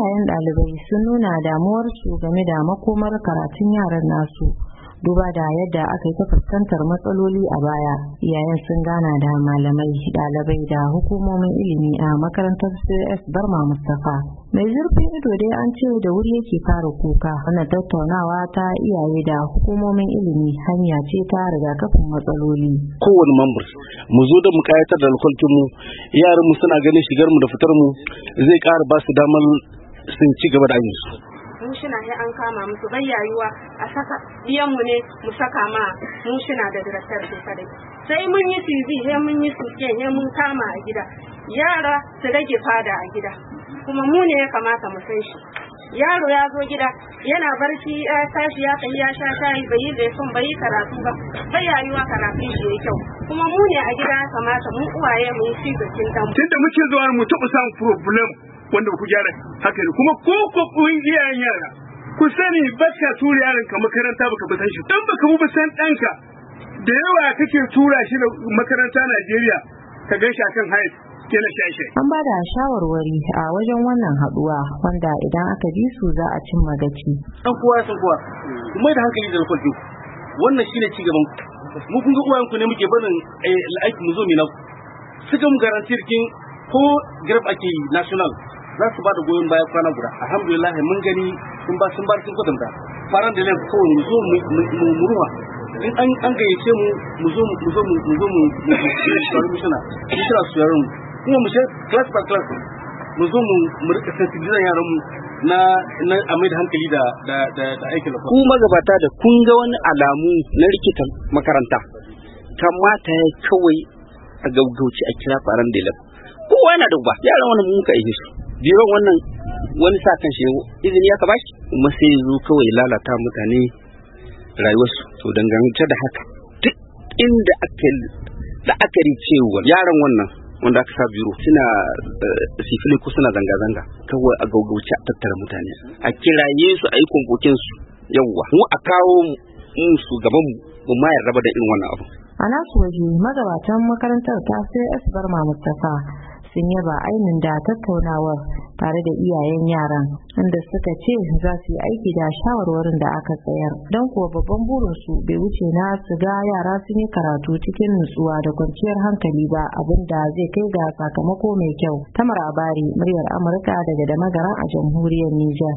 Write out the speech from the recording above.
iyayen ɗalibai sun nuna damuwarsu game da makomar karatun yaran nasu duba da yadda aka yi ta fuskantar matsaloli a baya iyayen sun gana da malamai ɗalibai da hukumomin ilimi a makarantar cs barma mustapha mai zurfin ido dai an ce da wuri yake fara kuka wannan tattaunawa ta iyaye da hukumomin ilimi hanya ce ta rigakafin matsaloli kowane mambar mu zo da mu kayatar da alkwalkin yaran mu suna ganin shigar mu da fitar mu zai kara ba su damar sun ci gaba da abin su na yi an kama musu bai yayuwa a saka mu ne mu saka ma shi na da director su kadai sai mun yi tv he mun yi ke he mun kama a gida yara su rage fada a gida kuma mu ne ya kamata mu san shi yaro ya zo gida yana barci ya tashi ya kai ya sha shayi bai yi lesson bai yi karatu ba bai yayuwa karatu shi yayi kyau kuma mu ne a gida ya kamata mu uwaye mu yi shi da kin dan tunda muke zuwa mu taɓa san problem wanda ku gyara haka ne kuma ko ku kungiyan yara ku sani ba ka tura yaron ka makaranta baka ba san shi dan baka ba san ka, da yawa kake tura shi da makaranta Najeriya ka ga shi akan hayat kenan shashe an ba da shawarwari a wajen wannan haduwa wanda idan aka bi su za a cin magaci. san kowa san kowa mai da hankali da kwalfi wannan shine ci gaban mu kun ga uwayen ne muke barin la'aikin eh, mu zo mu na suka mu garanti kin ko grab ake national za su ba da goyon baya kwana guda alhamdulillah mun gani sun ba sun ba sun da faran da lens kawai mu zo mu murwa in an an gayyace mu mu zo mu zo mu zo mu shawar mishina mishina su yaran kuma mu shi class by class mu zo mu mu rika sensibilizan yaran mu na na a mai da hankali da da da aikin lafiya ku magabata da kun ga wani alamu na rikitan makaranta kamata ya kawai a gaugauci a kira faran da lens kowa yana da uba yaran wani mun ka yi shi biron wannan wani sa kan shi izini ya kaba shi. kuma sai zo kawai lalata mutane rayuwarsu to dangance da haka duk inda aka la'akari cewa yaran wannan wanda aka sa biro suna eh, sifili ko suna zanga-zanga kawai a gaugauce a tattara mutane a kiraye su a yi kunkokin su yawwa mu a kawo mu su gaban mu mayar raba da irin wannan abu a nasu waje magabatan makarantar ta sai asbar mamustaka sun yaba ainin da tattaunawar tare da iyayen yaran inda suka ce za su yi aiki da shawarwarin da aka tsayar don kuwa babban burinsu bai wuce na su ga yara sun yi karatu cikin nutsuwa da kwanciyar hankali ba abin da zai kai ga sakamako mai kyau tamar abari muryar amurka daga da a jamhuriyar niger